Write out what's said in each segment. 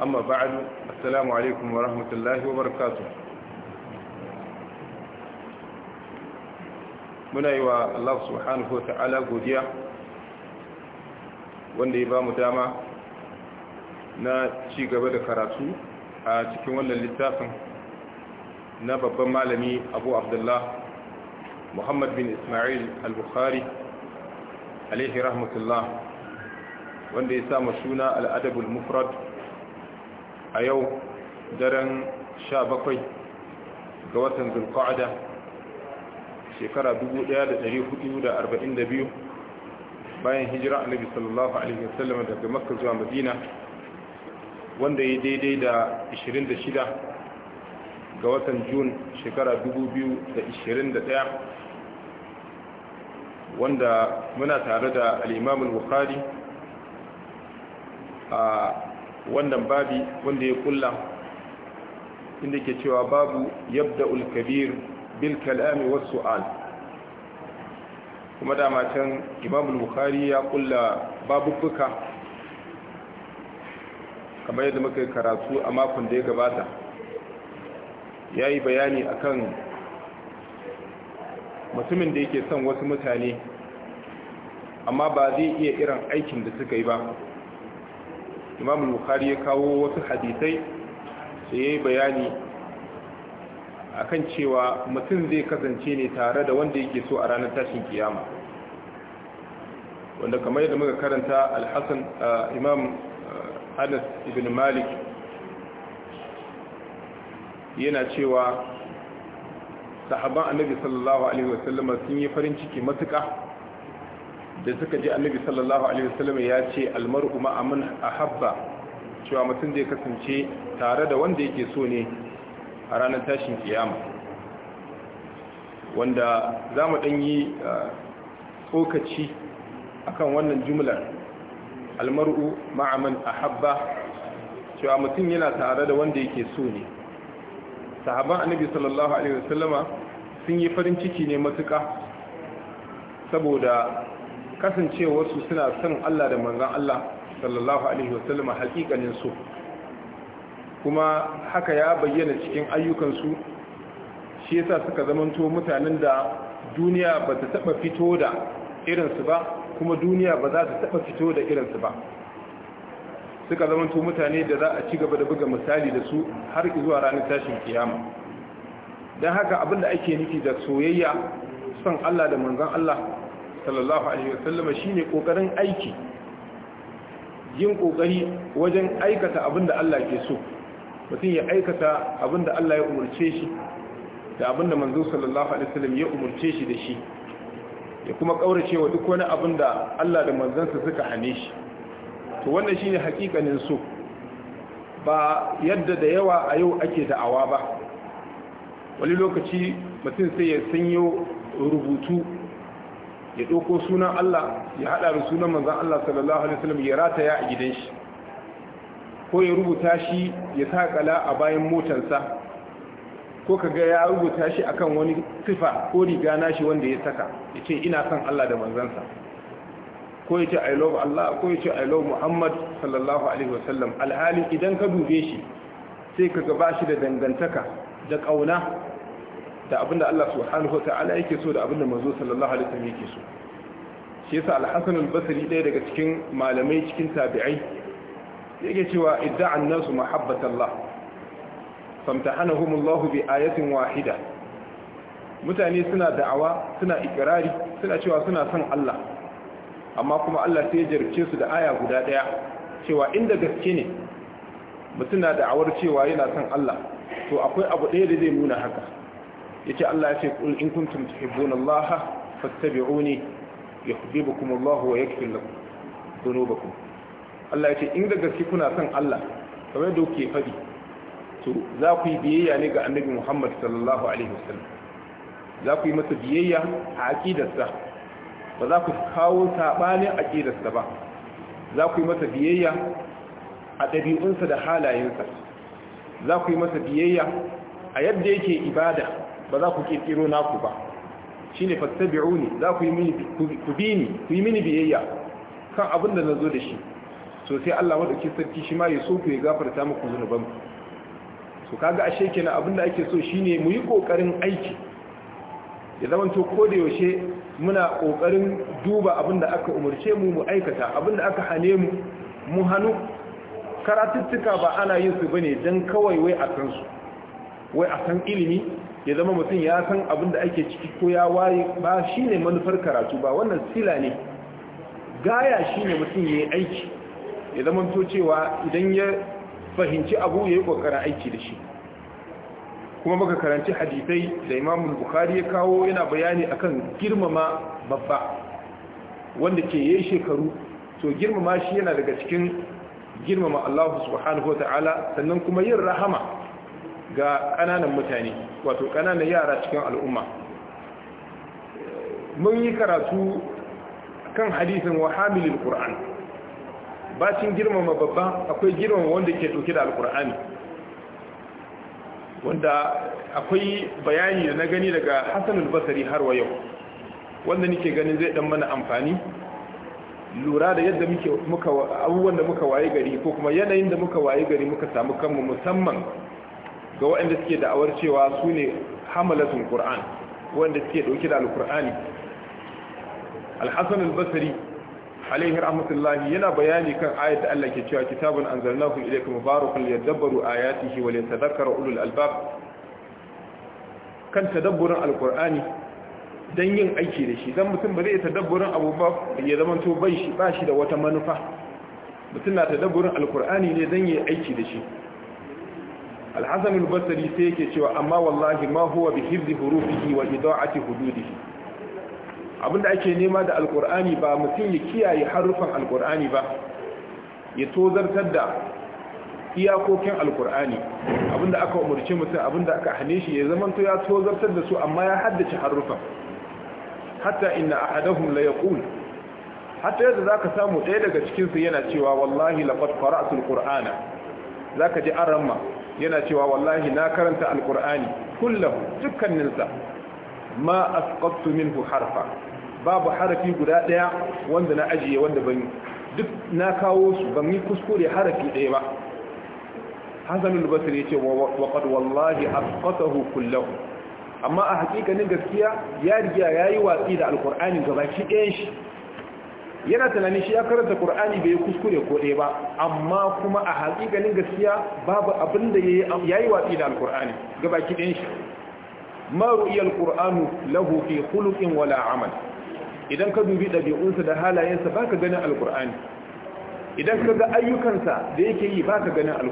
amma ba'adu assalamu alaikum wa rahmatullahi wa barakatu muna yi wa Allah subhanahu wa ta'ala godiya wanda ya ba mu dama na ci gaba da karatu a cikin wannan littafin na babban malami abu abdullah muhammad bin ismail al-bukhari alaihi rahmatullah wanda ya sa suna al'adabul mufrad a yau daren 17 ga watan zulqa'ada shekara 1442 bayan hijira annabi sallallahu alaihi wasallam daga makka zuwa madina wanda ya daidai da 26 ga watan jun shekara 2021 wanda muna tare da alimamin imam a wannan babi wanda ya kulla inda ke cewa babu yabda ulkabir bil kalami was su'al kuma dama can imam bukhari ya kulla babubuka kamar yadda muka karatu a makon da ya gabata ya yi bayani akan mutumin da yake son wasu mutane amma ba zai iya irin aikin da suka yi ba imam bukhari ya kawo wasu hadisai da ya yi bayani akan cewa mutum zai kasance ne tare da wanda yake so a ranar tashin kiyama wanda kamar yadda muka karanta alhassan imam anas ibn malik yana cewa sahaban annabi sallallahu alaihi wasallam sun yi farin ciki matuƙa da suka ji annabi sallallahu alaihi wasallam ya ce almar'u ma'a man ahabba cewa mutum zai kasance tare da wanda yake so ne a ranar tashin kiyama wanda za mu ɗan yi tsokaci akan wannan jumlar almar'u ma'a man ahabba cewa mutum yana tare da wanda yake so ne sahaban annabi sallallahu alaihi wasallama sun yi farin ciki ne matuƙa saboda kasancewarsu suna son Allah da manzan Allah sallallahu alaihi wasallam hakikanin su kuma haka ya bayyana cikin ayyukansu shi yasa suka zamanto mutanen da duniya ba ta taba fito da irinsu ba kuma duniya ba za ta taba fito da irinsu ba suka zamanto mutane da za a ci gaba da buga misali da su har zuwa ranar tashin kiyama don haka abinda ake nufi da soyayya son Allah da manzon Allah sallallahu alaihi wasallam shine kokarin aiki yin kokari wajen aikata abinda Allah ke so mutum ya aikata abinda Allah ya umurce shi da abinda manzo sallallahu alaihi wasallam ya umurce shi da shi ya kuma kaurace wa duk wani abinda Allah da manzansa suka hane shi to wannan shine hakikanin so ba yadda da yawa a yau ake da'awa ba wani lokaci mutum sai ya sanyo rubutu ya ɗauko sunan Allah ya haɗa da sunan manzan Allah sallallahu alaihi wasallam ya rataya a gidan shi ko ya rubuta shi ya kala a bayan motarsa ko ka ga ya rubuta shi akan wani sifa ko riga nashi wanda ya saka ya ce ina son Allah da manzansa ko ya ce I love Allah ko ya ce I love Muhammad sallallahu alaihi wasallam alhali idan ka dube shi sai ka gaba shi da dangantaka da ƙauna da abinda Allah subhanahu wa ta'ala yake so da abinda manzo sallallahu alaihi wasallam yake so shi yasa al-Hasan al-Basri ɗaya daga cikin malamai cikin tabi'ai yake cewa idda annasu nasu mahabbata Allah famtahanahum Allah bi ayatin wahida mutane suna da'awa suna ikrari suna cewa suna son Allah amma kuma Allah sai ya jarce su da aya guda daya cewa inda gaske ne mutuna na da'awar cewa yana son Allah to akwai abu ɗaya da zai nuna haka yace Allah ya ce kul in kuntum tuhibbuna Allah fattabi'uni yuhibbukum Allah wa yaghfir lakum dhunubakum Allah ya ce in da gaske kuna son Allah kamar da kuke fadi to za ku yi biyayya ne ga Annabi Muhammad sallallahu alaihi wasallam za ku yi masa biyayya a aqidarsa ba za ku kawo a aqidarsa ba za ku yi masa biyayya a ɗabi'unsa da halayensa za ku yi masa biyayya a yadda yake ibada ba za ku kirkiro naku ba shine ne za ku yi mini ku yi mini biyayya kan abin da na zo da shi so sai Allah madauki sarki shi ma ya so ku ya gafarta muku zunuban ku ka kaga ashe kenan abin da ake so shine mu yi kokarin aiki ya zamanto ko da yaushe muna kokarin duba abin da aka umarce mu mu aikata abin da aka hane mu mu hannu karatuttuka ba ana yin su bane dan kawai wai a kansu wai a san ilimi ya zama mutum ya san abin da ake ciki ko ya waye ba shi ne manufar karatu ba wannan sila ne gaya shi ne mutum ya yi aiki ya zama to cewa idan ya fahimci abu ya yi kokara aiki da shi kuma maka karanci hadisai da imamun bukari ya kawo yana bayani akan girmama babba wanda ke yi shekaru to girmama shi yana daga cikin girmama allahu subhanahu wa ta'ala sannan kuma yin rahama ga ƙananan mutane wato ƙananan yara cikin al'umma mun yi karatu kan hadisin wa hamilin ƙur'an bacin girmama babba akwai girmama wanda ke ɗauke da alƙur'ani wanda akwai bayani da na gani daga hassan basari har wa yau wanda nike ganin zai ɗan mana amfani lura da yadda muka abubuwan da muka waye gari ko kuma yanayin da muka waye gari muka samu kanmu musamman ga waɗanda suke da'awar cewa su ne hamalatun ƙur'an waɗanda suke dauke da alƙur'ani al albasari alaihi rahmatullahi yana bayani kan ayat da Allah ke cewa kitabun anzalnahu ilayka mubarakun liyadabbaru ayatihi wa liyatadhakkara ulul albab kan tadabburin alƙur'ani don yin aiki da shi don mutum ba zai tadabburin abubuwa da ya zama to bai shi ba shi da wata manufa mutum na tadabburin alqur'ani ne dan yi aiki da shi alhassan albasari sai yake cewa amma wallahi ma huwa bi hifzi hurufihi wa ida'ati hududihi abinda ake nema da alqur'ani ba mutum ya kiyaye harufan alqur'ani ba ya tozartar da iyakokin alqur'ani abinda aka umurce mutum abinda aka hane shi ya zamanto ya tozartar da su amma ya haddace harufan hatta inna ahadahum la yaqul hatta yadda zaka samu ɗaya daga cikin su yana cewa wallahi laqad qara'tu alqur'ana zaka ji aramma yana cewa wallahi na karanta alkur'ani kullahu dukkaninsa ma asqattu minhu harfa babu harafi guda daya wanda na ajiye wanda ban duk na kawo su ban yi kuskure harafi daya ba hasan al-basri yace wa qad wallahi asqatahu kullahu amma a hakikanin gaskiya ya riga yayi watsi da alqur'ani gabaki ɗayan shi yana tunanin shi ya karanta Qur'ani bai kuskure ko ɗaya ba amma kuma a ganin gaskiya babu abin da yayi watsi da Al-Qur'ani gabaki ɗin shi ma ru'iyal Qur'anu lahu fi khuluqin wala amal idan ka dubi ɗabi'unsa da halayensa baka ganin al idan ka ga ayyukansa da yake yi baka ganin al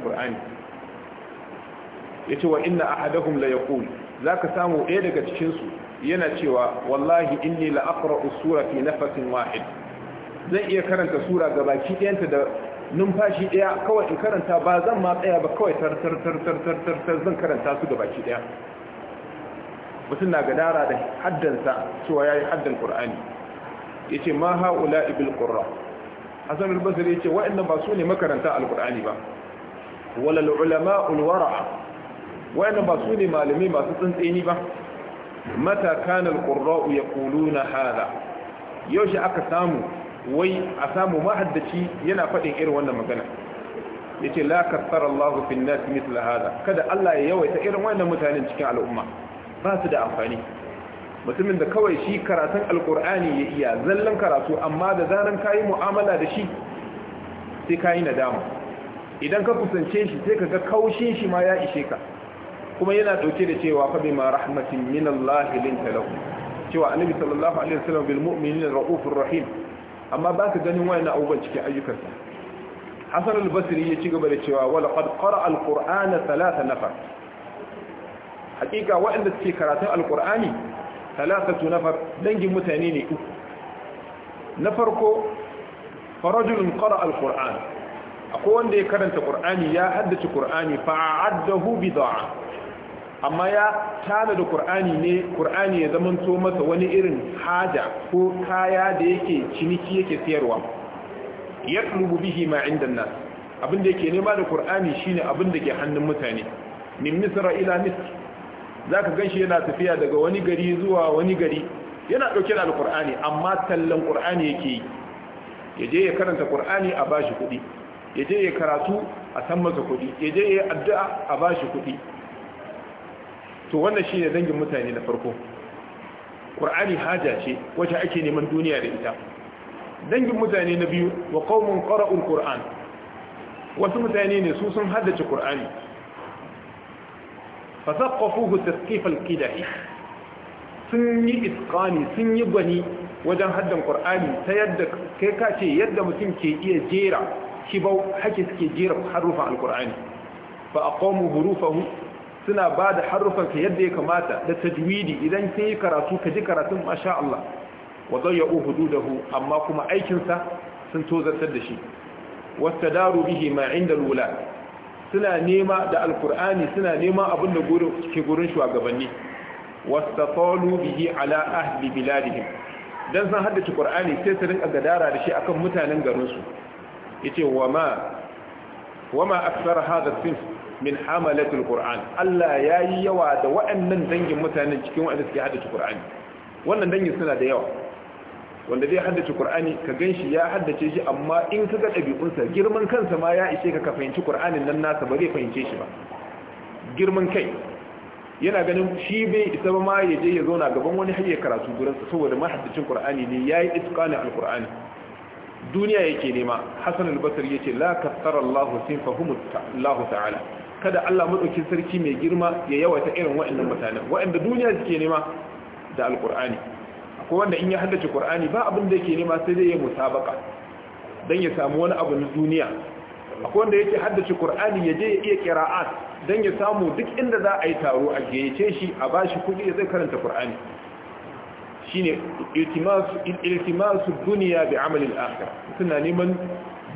yace wa inna ahadahum la yaqul zaka samu ɗaya daga cikin su yana cewa wallahi inni la aqra'u surati nafasin wahid zai iya karanta sura ga baki ɗayanta da numfashi ɗaya kawai in karanta ba zan ma tsaya ba kawai tartartartartartar zan karanta su ga baki ɗaya mutum na gadara da haddansa cewa ya yi haddan ƙur'ani ya ce ma ha'ula ibil ƙurra hassan albasir ya ce wa'annan ba su ne makaranta alƙur'ani ba walal ulama ulwara'a wa'annan ba su ne malami masu tsantseni ba mata kanal ƙurra'u ya na hada yaushe aka samu wai a samu mahaddaci yana faɗin irin wannan magana ya ce la kasar Allah fin nas mitla hada kada Allah ya yawaita irin wannan mutanen cikin al'umma ba su da amfani mutumin da kawai shi karatun alkur'ani ya iya zallan karatu amma da zanen kayi mu'amala da shi sai kayi nadama idan ka kusance shi sai ka ga kaushin shi ma ya ishe ka kuma yana dauke da cewa fa ma rahmatin min Allah linta lahu cewa annabi sallallahu alaihi wasallam bil mu'minin rahim amma ba ka ganin wayannan abubuwan cikin ayyukansa hasan al-basri ya ci gaba da cewa wala qad qara al-qur'ana thalatha nafar hakika waɗanda suke karatun al-qur'ani thalathatu nafar dangin mutane ne uku na farko farajulun qara al-qur'an akwai wanda ya karanta qur'ani ya haddace qur'ani fa'addahu bid'a amma ya tana da kur'ani ne ƙur'ani ya zamanto masa wani irin haja ko kaya da yake ciniki yake siyarwa yatlubu bihi ma inda na, abin yake nema da Kur'ani shine abin da ke hannun mutane ne misra ila ka zaka ganshi yana tafiya daga wani gari zuwa wani gari yana ɗauke da Al-Kur'ani, amma tallan ƙur'ani yake yi Ya je ya karanta Kur'ani a bashi ya yaje ya karatu a san masa ya je ya yi addu'a a bashi kuɗi. to wannan shine dangin mutane na farko qur'ani haja ce wacce ake neman duniya da ita dangin mutane na biyu wa qaumun qara'ul qur'an wasu mutane ne su sun haddace qur'ani fasaqafuhu ta al-qidahi sun yi itqani sun yi gwani wajen haddan qur'ani ta yadda kai ka ce yadda mutum ke iya jera kibau hake suke jera harufan al-qur'ani fa aqamu hurufahu suna ba da harufanka yadda ya kamata da tajwidi idan kin yi karatu ka ji karatun masha Allah wa zayya uhududahu amma kuma aikinsa sun tozartar da shi wata daru bihi ma inda lula suna nema da alkur'ani suna nema abin da ke gurin shugabanni wasta tolu bihi ala ahli biladihim Don san haddace kur'ani sai su rinka gadara da shi akan mutanen garinsu yace wa ma wa ma aksara hadha fim. min hamalatul qur'an Allah yayi yawa da waɗannan dangin mutanen cikin waɗanda suke haddace qur'ani wannan dangin suna da yawa wanda zai haddace qur'ani ka ganshi ya haddace shi amma in ka ga ɗabi'unsa girman kansa ma ya ishe ka ka fahimci qur'anin nan nasa ba zai fahimce shi ba girman kai yana ganin shi bai isa ba ma ya je ya zauna gaban wani hayya karatu sa saboda ma haddacin qur'ani ne ya yayi itqana alqur'ani duniya yake nema hasan al-basri yace la kaffara Allah sin Allah ta'ala kada Allah madaukin sarki mai girma ya yawaita irin waɗannan mutanen waɗanda duniya suke nema da alkur'ani akwai wanda in ya haddace Ƙur'ani, ba abin da yake nema sai dai ya musabaka Don ya samu wani abu na duniya akwai wanda yake haddace Ƙur'ani ya je ya iya ƙira'a dan ya samu duk inda za a yi taro a gayyace shi a bashi kuɗi ya zai karanta Ƙur'ani. shine ne iltimasu duniya bi amalin al suna neman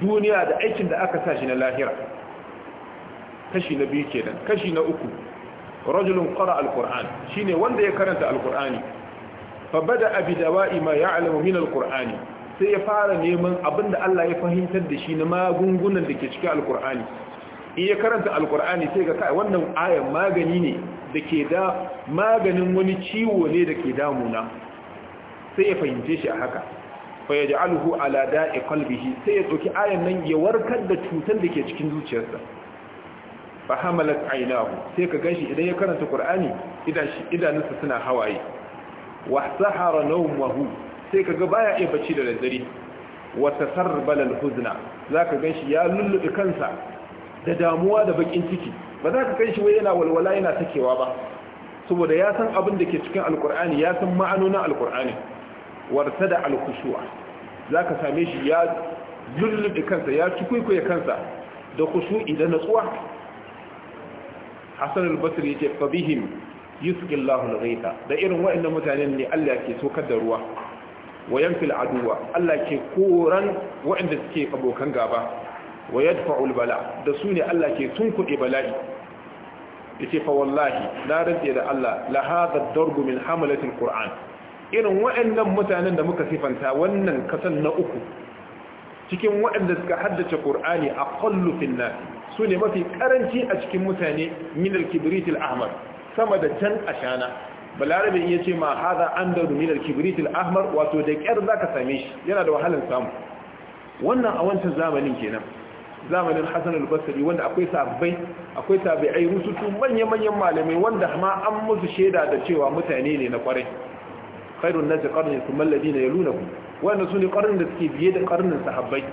duniya da aikin da aka sa shi na lahira kashi na biyu kenan kashi na uku rajulun qara alquran shine wanda ya karanta alqurani fa bada bi dawa'i ma ya'lamu min alqurani sai ya fara neman abinda Allah ya fahimtar da shi na magungunan da ke cikin alqurani in ya karanta alqurani sai ga kai wannan ayan magani ne da da maganin wani ciwo ne da ke damuna sai ya fahimce shi a haka fa yaj'aluhu ala da'i qalbihi sai ya dauki ayan nan ya warkar da cutar da ke cikin zuciyarsa fa hamalat aynahu sai ka ganshi idan ya karanta qur'ani idanunsa suna hawaye wa sahara nawmuhu sai ka ga baya iya bacci da daddare wa tasarbal alhuzna zaka ganshi ya lullube kansa da damuwa da bakin ciki ba za ka ganshi wai yana walwala yana takewa ba saboda ya san abin da ke cikin alqur'ani ya san ma'anonin alqur'ani wartada alkhushu'a zaka same shi ya lullube kansa ya cikuikuye kansa da khushu'i da natsuwa hasan al-basri yace fabihim yusqillahu al-ghaytha da irin wa'annan mutanen ne Allah ke sokar da ruwa Wayan fil aduwa Allah ke koran wa'anda suke abokan gaba wa fa'ul bala da su ne Allah ke tunkuɗe bala'i yace fa wallahi na rantse da Allah la hadha ad-darb min hamalati al irin wa'annan mutanen da muka sifanta wannan kasan na uku cikin wa'anda suka haddace ƙur'ani a fil nas su ne mafi karanci a cikin mutane minar al-kibrit ahmar sama da can a shana balarabe in ce ma hada an min minar kibrit al-ahmar wato da kyar zaka same shi yana da wahalar samu wannan a wancan zamanin kenan zamanin Hassan al wanda akwai sabbai akwai tabi'ai rusutu manyan-manyan malamai wanda ma an musu shaida da cewa mutane ne na kwarai khairun nasi qarni thumma alladhina yalunakum wanda sune qarnin da suke biye da qarnin sahabbai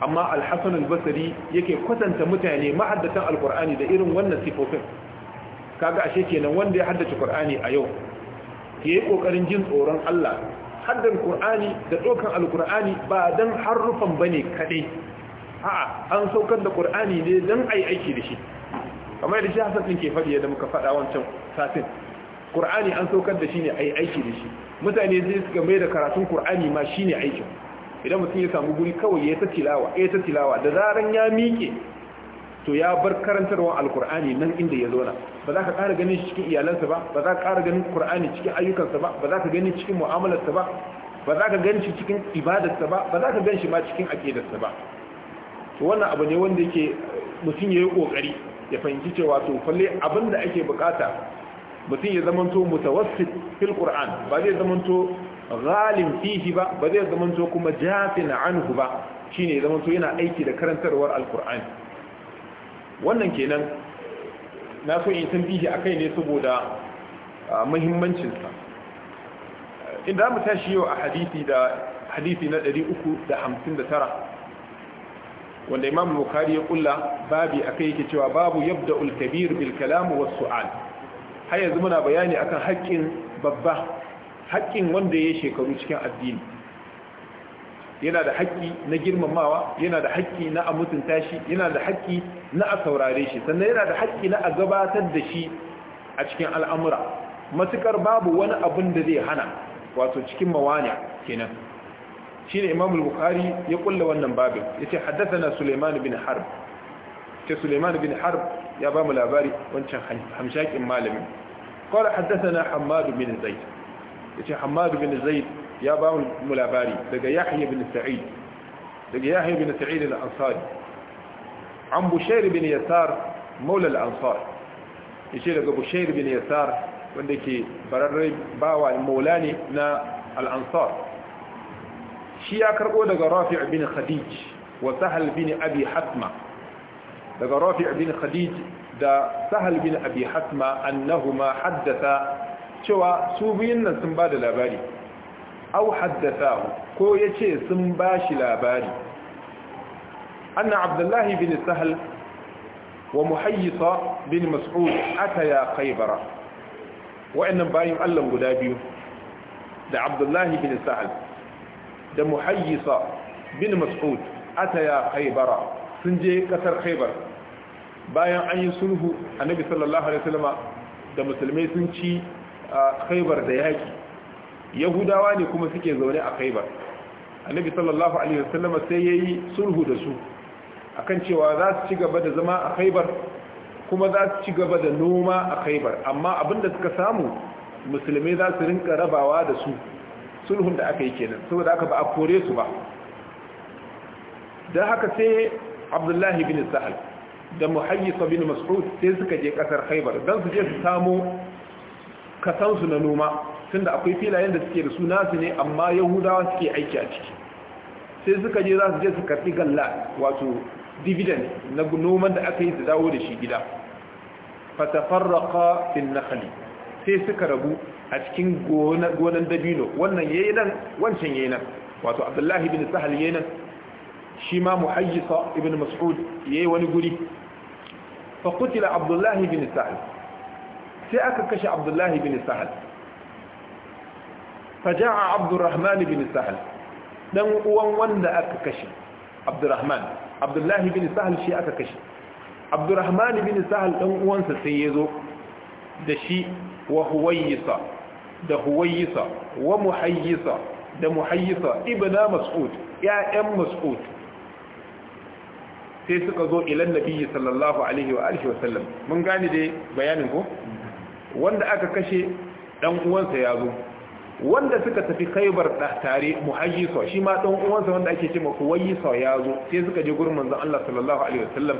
amma alhassan albasari yake kwatanta mutane ma'addatan alkur'ani da irin wannan sifofin kaga ashe kenan wanda ya haddace qur'ani a yau Ke yi kokarin jin tsoron Allah haddan qur'ani da dokan alkur'ani ba dan harufan bane kadai a'a an saukar da qur'ani ne dan ai aiki da shi kamar yadda shi hasan ke faɗi yadda muka faɗa wancan satin qur'ani an saukar da shi ne ai aiki da shi mutane zai suka mai da karatun qur'ani ma shine aikin idan mutum ya samu guri kawai ya ta tilawa ya ta tilawa da zaran ya miƙe to ya bar karantarwar alkur'ani nan inda ya zauna ba za ka ƙara ganin shi cikin iyalansa ba ba za ka ƙara ganin kur'ani cikin ayyukansa ba ba za ka gani cikin mu'amalarsa ba ba za ka gani shi cikin ibadarsa ba ba za ka ganin shi ma cikin aƙidarsa ba to wannan abu ne wanda yake mutum ya yi ƙoƙari ya fahimci cewa to falle abin da ake bukata mutum ya zamanto mutawassit fil qur'an ba zai zamanto ghalin fihi ba ba zai zama to kuma jafin anhu ba shine zama to yana aiki da karantarwar alqur'ani wannan kenan na so in tambihi akai ne saboda muhimmancin sa inda mu tashi yau a hadisi da hadisi na 359 wanda imam bukhari ya kulla babi akai yake cewa babu yabda'ul kabir bil kalam was su'al har yanzu muna bayani akan haƙƙin babba haƙƙin wanda ya shekaru cikin addini yana da haƙƙi na girmamawa yana da haƙƙi na a mutunta shi yana da haƙƙi na a saurare shi sannan yana da haƙƙi na a gabatar da shi a cikin al'amura matukar babu wani abin da zai hana wato cikin mawani kenan shi ne imam bukhari ya ƙulla wannan babin ya ce haddasa na suleiman bin harb ce suleiman bin ya ba mu labari wancan hamshakin malamin kawai haddasa na hamadu bin zai yace Hammad bin Zaid ya ba mu labari daga Yahya bin Sa'id daga Yahya bin Sa'id al-Ansari an Bushair bin Yasar maula al-Ansar yace daga Bushair bin Yasar wanda ke bararre bawa maula ne na al-Ansar shi ya karbo daga Rafi' bin Khadij wa Sahal bin Abi Hatma daga Rafi' bin Khadij da Sahal bin Abi Hatma annahuma haddatha cewa su biyun nan sun ba da labari au haddasa ko ce sun ba shi labari anna abdullahi bin sahal wa muhayyisa bin mas'ud ataya khaybara wa'annan bayin Allah guda biyu da abdullahi bin sahal da muhayyisa bin mas'ud ataya khaybara sun je kasar Khaibar, bayan an yi sulhu annabi sallallahu alaihi wasallama da musulmai sun ci a khaibar da yaki yahudawa ne kuma suke zaune a khaibar annabi sallallahu alaihi wasallama sai yayi sulhu da su akan cewa za su ci gaba da zama a khaibar kuma za su ci gaba da noma a khaibar amma abinda suka samu musulmai za su rinka rabawa da su sulhun da aka yi kenan saboda aka ba a kore su ba dan haka sai abdullahi bin sahal da muhayyis bin mas'ud sai suka je kasar khaibar dan su je su samo su na noma tunda akwai filayen da suke da su nasu ne amma yahudawa suke aiki a ciki sai suka je za su je su karfi galla wato dividend na noman da aka yi su dawo da shi gida fatafarraqa fil nakhli sai suka rabu a cikin gonan dabino wannan yayi nan wancan yayi nan wato abdullahi bin sahal yayi nan shi ma muhayyisa ibn mas'ud yayi wani guri fa kutila abdullahi bin sahal sai aka kashe abdullahi bin sahal faja'a abdurrahman bin sahal dan uwan wanda aka kashe abdurrahman abdullahi bin sahal shi aka kashe abdurrahman bin sahal dan uwansa sai yazo da shi wa huwayisa da huwayisa wa muhayyisa da muhayyisa ibna mas'ud ya'yan mas'ud sai suka zo ilan nabiyyi sallallahu alaihi wa alihi wa sallam mun gane dai bayanin ko wanda aka kashe dan uwansa ya zo wanda suka tafi khaybar tare so shi ma dan uwansa wanda ake cewa so ya zo sai suka je gurin manzon Allah sallallahu alaihi wasallam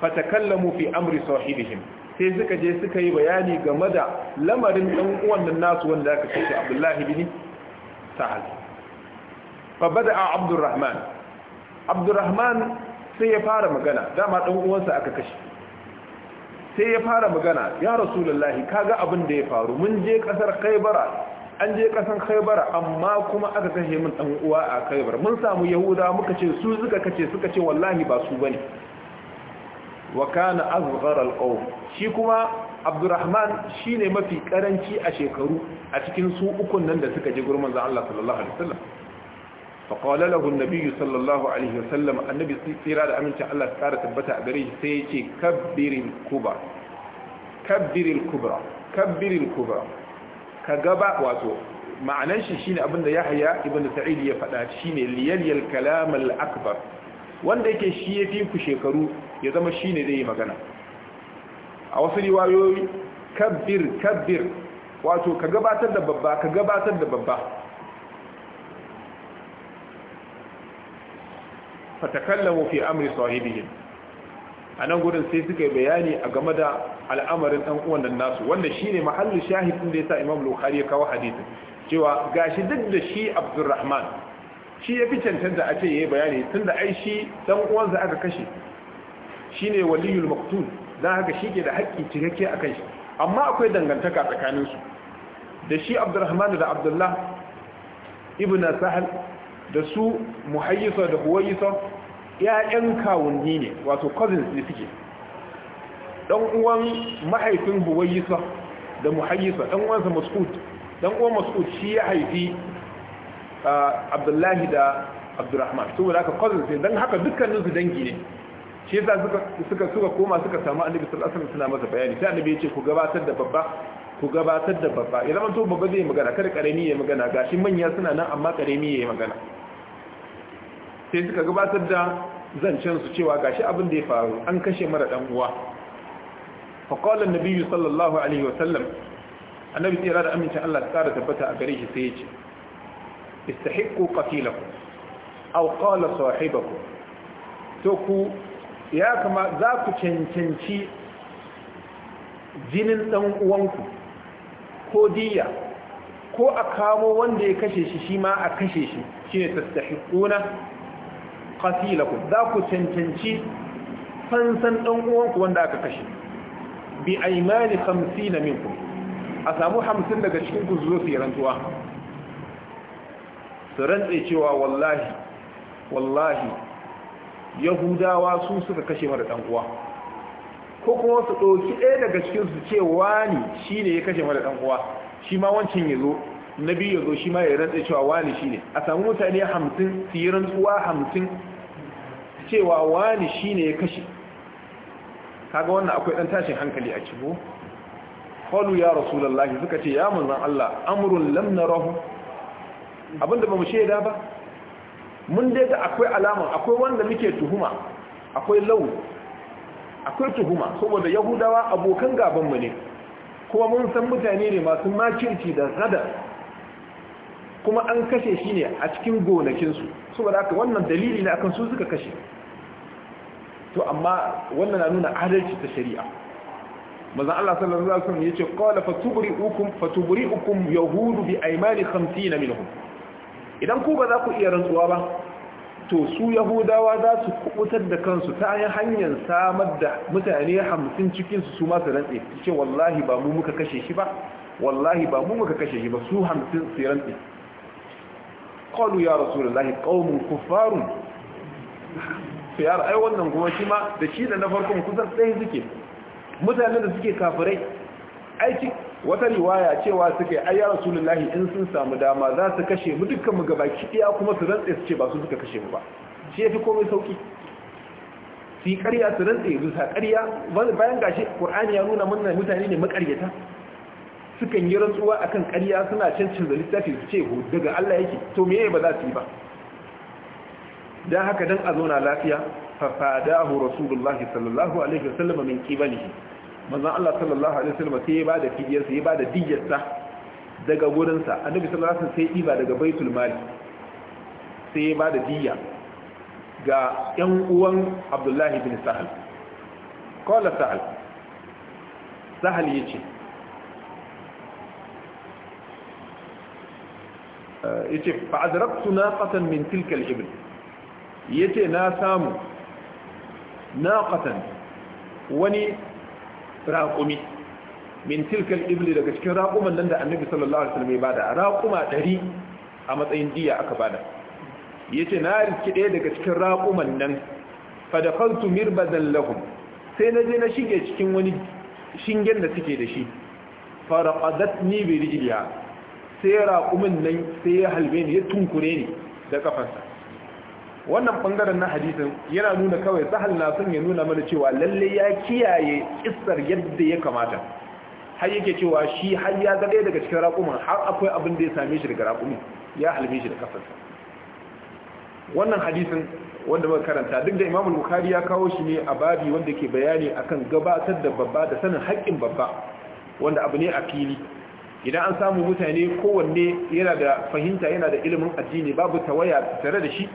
fatakallamu fi amri sahibihim sai suka je suka yi bayani game da lamarin dan uwan nan nasu wanda aka kashe Abdullahi bin Sa'ad fa bada'a Abdurrahman Abdurrahman sai ya fara magana dama dan uwansa aka kashe sai ya fara magana ya rasulullahi kaga abin da ya faru mun je kasar khaybara an je kasan khaybara amma kuma aka kashe mun dan uwa a khaybar mun samu yahuda muka ce su suka kace suka ce wallahi ba su bane wa kana asghar alqawm shi kuma abdurrahman shine mafi karanci a shekaru a cikin su ukun nan da suka je gurbin Allah sallallahu alaihi wasallam فقال له النبي صلى annabi tsira da aminci Allah ya kara tabbata a gare shi sai yace kabbiril kubra kabbiril kubra kabbiril kubra ka gaba wato ma'anar shine abinda Yahya ibn Sa'id ya faɗa shine liyal kalam al akbar wanda yake shi yafi ku shekaru ya zama shine zai magana a wasu riwayoyi kabbir kabbir wato ka gabatar da babba ka gabatar da babba fatakallamu fi amri sahibihim a nan sai suka yi bayani a game da al'amarin dan uwan nan nasu wanda shine ne mahallin shahidin da ya sa imam bukhari ya kawo hadisin cewa gashi duk da shi abdurrahman shi ya fi cancanta a ce ya yi bayani tunda da ai shi ɗan uwansa aka kashe shine ne waliyul maktul dan haka shi ke da haƙƙi cikakke a kan shi amma akwai dangantaka tsakaninsu da shi abdurrahman da abdullah ibn sahal da su muhayyisa da huwayisa ‘ya'yan kawunni ne wato cousins ne suke ɗan uwan mahaifin huwayisa da muhayyisa ɗan sa mas'ud ɗan uwan mas'ud shi ya haifi abdullahi da abdurrahman saboda haka cousins ne don haka dukkaninsu dangi ne shi yasa suka suka suka koma suka samu annabi sallallahu alaihi wasallam suna masa bayani sai annabi ya ce ku gabatar da babba ku gabatar da babba ya zama to babba zai magana kada karemi ya magana gashi manya suna nan amma karemi ya magana sai suka gabatar da zancen su cewa gashi abin da ya faru an kashe mara dan uwa fa qala an-nabi sallallahu alaihi wa sallam annabi tsira da amincin Allah ta da tabbata a gare shi sai ya ce istahiqqu qatilakum aw qala sahibakum to ku ya kama za ku cancanci jinin dan uwanku ko diya ko a kamo wanda ya kashe shi shi ma a kashe shi shine tastahiquna qatilakum za ku cancanci fansan dan uwanku wanda aka kashe bi aymani 50 minkum a samu 50 daga cikin ku zuwa su rantuwa su cewa wallahi wallahi yahudawa su suka kashe mara dan uwa ko kuma su ɗauki ɗaya daga cikin su ce wani shine ya kashe mara dan uwa shi ma wancin ya zo na zo shi ma ya rantsa cewa wani shi ne a samu mutane hamsin su rantsuwa hamsin cewa wani shine ya kashe kaga wannan akwai ɗan tashin hankali a cibo kwallo ya rasu lallahi suka ce ya manzon Allah amurin lamna rahu abinda mu shaida ba mun dai ta akwai alama akwai wanda muke tuhuma akwai lau akwai tuhuma saboda yahudawa abokan gaban mu ne kuma mun san mutane ne masu makirci da zada kuma an kashe shi ne a cikin gonakinsu saboda haka wannan dalili ne akan su suka kashe to amma wannan na nuna adalci ta shari'a manzon Allah sallallahu alaihi wasallam yace qala fatubri'ukum fatubri'ukum yahudu bi aymani 50 minhum idan ku ba za ku iya rantsuwa ba to su yahudawa za su kubutar da kansu ta hanyar samar da mutane 50 cikin su su ma su rantse ce wallahi ba mu muka kashe shi ba wallahi ba mu muka kashe shi ba su 50 su qalu ya rasulullahi qaumun kuffarun to yara ai wannan kuma shi ma da shi da na farkon kusan ɗaya suke mutanen da suke kafirai aiki wata riwaya cewa suke ai ya rasulullahi in sun samu dama za su kashe mu dukkan mu ki ɗaya kuma su rantsa su ce ba su suka kashe mu ba shi yafi komai sauki su yi ƙarya su rantsa su sa ƙarya bayan gashi qur'ani ya nuna mun mutane ne makaryata sukan yi rantsuwa akan ƙarya suna cancin littafi su ce daga Allah yake to meye ba za su yi ba dan haka dan a zauna lafiya fa fadahu rasulullahi sallallahu alaihi wasallam min qibalihi manzon Allah sallallahu alaihi wasallam sai ya bada da sai ya bada diyyar sa daga gurin sa annabi sallallahu alaihi wasallam sai ya diba daga baitul mali sai ya bada diyya ga yan uwan Abdullahi bin Sahal qala Sahal Sahal yace yace fa adraktu naqatan min tilka al-ibl yace na samu naqatan wani raqumi min al ibli daga cikin raquman nan da annabi sallallahu alaihi wasallam ya bada raquma 100 a matsayin diya aka bada yace na riki ɗaya daga cikin raquman nan fa dakhaltu mirbadan lahum sai na je na shige cikin wani shingen da suke da shi faraqadat ni bi rijliha sai raqumin nan sai ya halbe ni ya tunkure ni da kafarsa wannan bangaren na hadisin yana nuna kawai sahal na sun ya nuna mana cewa lalle ya kiyaye kissar yadda ya kamata har yake cewa shi har ya ga daga cikin raƙumin har akwai abin da ya same shi daga raƙumin ya halme shi da kafarsa wannan hadisin wanda muka karanta duk da imamul Bukhari ya kawo shi ne a babi wanda ke bayani akan gabatar da babba da sanin haƙƙin babba wanda abu ne a fili idan an samu mutane kowanne yana da fahimta yana da ilimin addini babu tawaya tare da shi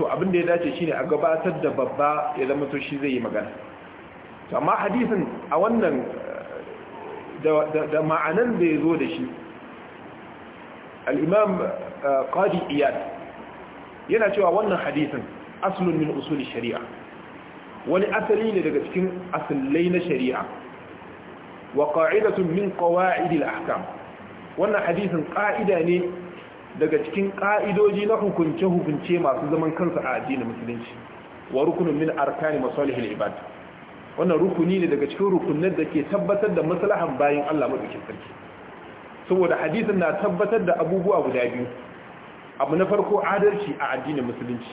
to abinda ya dace shine a gabatar da babba ya zama to shi zai yi magana to amma hadisin a wannan da ma'anan da ya zo da shi al eh, qadi iyad yana cewa wannan hadisin aslun min usuli shari'a wani asali ne daga cikin asalai na shari'a wa qa'idatun min qawa'id ahkam wannan hadisin qa'ida ne daga cikin ƙa'idoji na hukunce-hukunce masu zaman kansa a addinin musulunci wa rukunin min arkani masalihul ibad wannan rukuni ne daga cikin rukunin da ke tabbatar da maslahan bayan Allah madaukakin sarki saboda hadisun na tabbatar da abubuwa guda biyu abu na farko adalci a addinin musulunci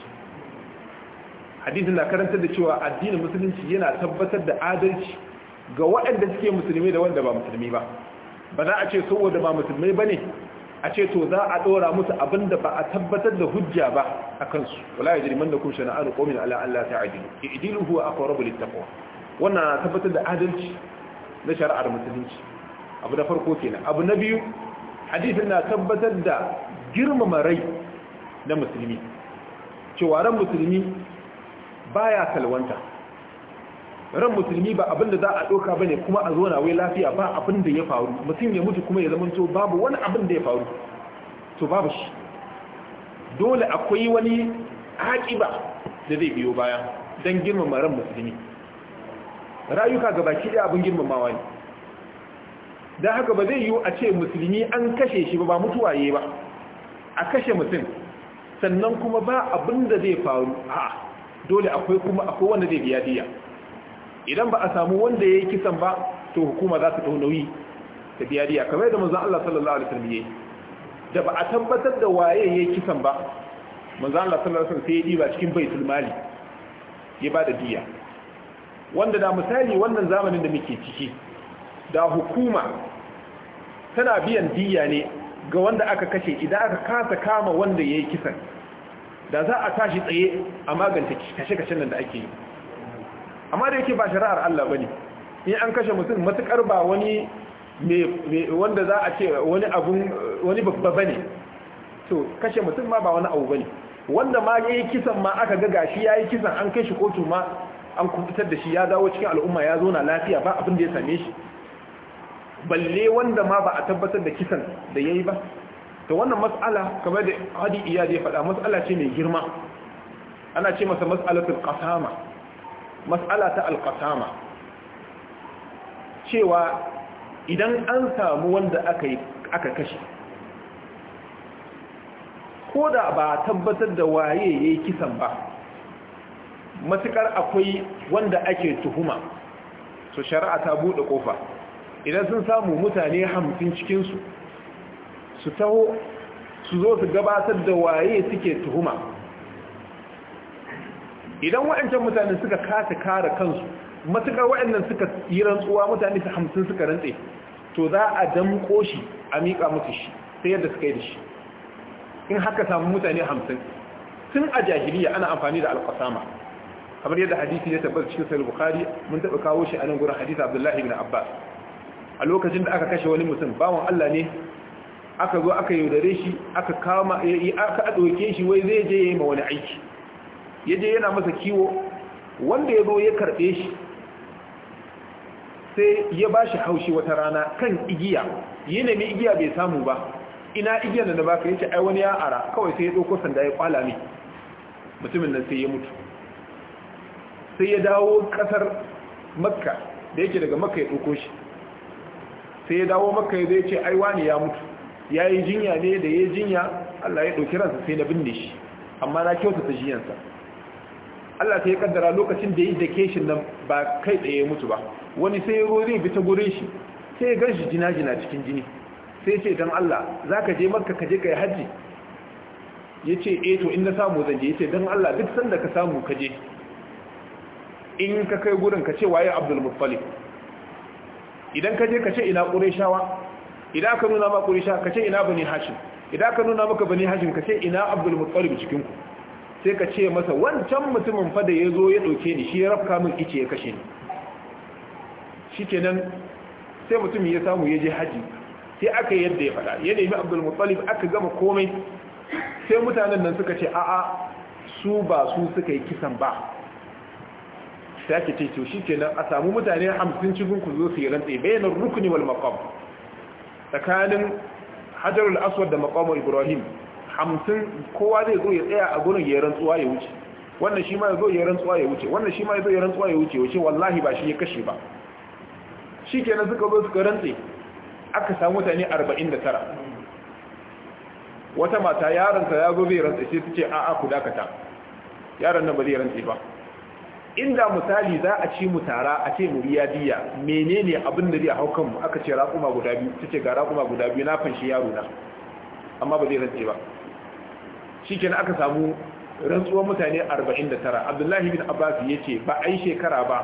hadisin na karantar da cewa addinin musulunci yana tabbatar da adalci ga waɗanda suke musulmi da wanda ba musulmi ba ba za a ce saboda ba musulmai ne. a ce to za a dora musu da ba a tabbatar da hujja ba a kansu wala ya jirman da kun shana'ar qaumin ala Allah ta'dilu idilu huwa bulita kuwa wannan tabbatar da adalci na shari'ar musulunci abu da farko ke kenan abu na biyu hadisin na tabbatar da girmama rai na musulmi cewa ran musulmi baya salwanta ran musulmi ba abin da za a ɗauka ba ne kuma a zona wai lafiya ba abin da ya faru mutum ya mutu kuma ya zamanto babu wani abin da ya faru to babu shi dole akwai wani haƙiba da zai biyo baya don girmama ran musulmi rayuka ga baki ɗaya abin girmamawa ne don haka ba zai yiwu a ce musulmi an kashe shi ba ba mutuwaye ba a kashe mutum sannan kuma ba abin da zai faru a dole akwai kuma akwai wanda zai biya idan ba a samu wanda ya yi kisan ba to hukuma za ta ɗau nauyi ta biya diya kamar yadda manzon Allah sallallahu alaihi wasallam yayi da ba a tabbatar da waye ya yi kisan ba manzon Allah sallallahu alaihi wasallam sai ya diba cikin baitul mali ya bada diya wanda da misali wannan zamanin da muke ciki da hukuma tana biyan diya ne ga wanda aka kashe idan aka kasa kama wanda ya yi kisan da za a tashi tsaye a magance kashe-kashen nan da ake yi amma da yake ba shari'ar Allah bane in an kashe mutum matukar ba wani wanda za a ce wani abun wani babba bane to kashe mutum ma ba wani abu bane wanda ma yayi kisan ma aka ga gashi yayi kisan an kai shi kotu ma an kuntar da shi ya dawo cikin al'umma ya zo na lafiya ba abin da ya same shi balle wanda ma ba a tabbatar da kisan da yayi ba to wannan mas'ala kamar da hadi iya ya faɗa mas'ala ce mai girma ana ce masa mas'alatul qasama mas'ala ta alƙasama cewa idan an samu wanda aka kashe ko da ba tabbatar da waye ya yi kisan ba matuƙar akwai wanda ake tuhuma to shari'a ta buɗe ƙofa idan sun samu mutane hamsin cikinsu su taho su zo su gabatar da waye suke tuhuma idan wa'ancan mutane suka kasa kare kansu matukar waɗannan suka yi rantsuwa mutane su hamsin suka rantse to za a damƙo shi a miƙa musu shi sai yadda suka yi da shi in haka samu mutane hamsin tun a jahiliya ana amfani da alƙasama kamar yadda hadisi ya tabbata cikin sahih bukhari mun taɓa kawo shi a nan gurin hadisi abdullahi ibn Abba. a lokacin da aka kashe wani mutum bawan Allah ne aka zo aka yaudare shi aka kama aka ɗauke shi wai zai je ya yi ma wani aiki ya je yana masa kiwo wanda ya zo ya karɓe shi sai ya ba shi haushi wata rana kan igiya yi nemi igiya bai samu ba ina igiya da ba ka ce ai wani ya ara kawai sai ya ɗauko sanda ya kwala ne mutumin nan sai ya mutu sai ya dawo ƙasar makka da yake daga makka ya ɗauko shi sai ya dawo makka ya zai ce ai wani ya mutu ya yi jinya ne da ya jinya allah ya ɗauki ransa sai na binne shi amma na kyautata jiyansa Allah sai ya kaddara lokacin da yi dakeshin nan ba kai tsaye mutu ba wani sai ruwa zai bi ta gurin shi sai gan shi jina-jina cikin jini sai ce don Allah za ka je makka ka je ka yi hajji ya ce e to in na samu zan je ya ce don Allah duk sanda ka samu ka je in ka kai gurin ka ce waye abdul muttalib idan ka je ka ce ina ƙur'ishawa? idan ka nuna ma ƙuresha ka ce ina bani hashim idan ka nuna maka bani hashim ka ce ina abdul muttalib cikinku sai ka ce masa wancan mutumin fada ya zo ya ɗauke ni shi ya rafka min ice ya kashe ni shi kenan sai mutum ya samu ya je haji sai aka yadda ya faɗa ya nemi abdulmutsalif aka gama komai sai mutanen nan suka ce a'a su ba su suka yi kisan ba sai ake ce to shi kenan a samu mutane hamsin cikin ku zo su yi rantse bayanan rukuni wal maqam tsakanin hajarul aswad da maqamul ibrahim hamsin kowa zai zo ya tsaya a gurin ya rantsuwa ya wuce wannan shi ma ya zo ya rantsuwa ya wuce wannan shi ma ya zo ya rantsuwa ya wuce wuce wallahi ba shi ya kashe ba shi kenan suka zo suka rantse aka samu mutane 49 wata mata yaronsa ya zo zai rantse sai ta ce a'a ku dakata yaron nan ba zai rantse ba inda misali za a ci mu tara a ce mu riya diya menene abin da zai hau kanmu aka ce raƙuma guda biyu ta ce ga raƙuma guda biyu na fanshi yaro na amma ba zai rantse ba shikenan aka samu rantsuwar mutane 49 abdullahi bin abbas ya ce ba ai shekara ba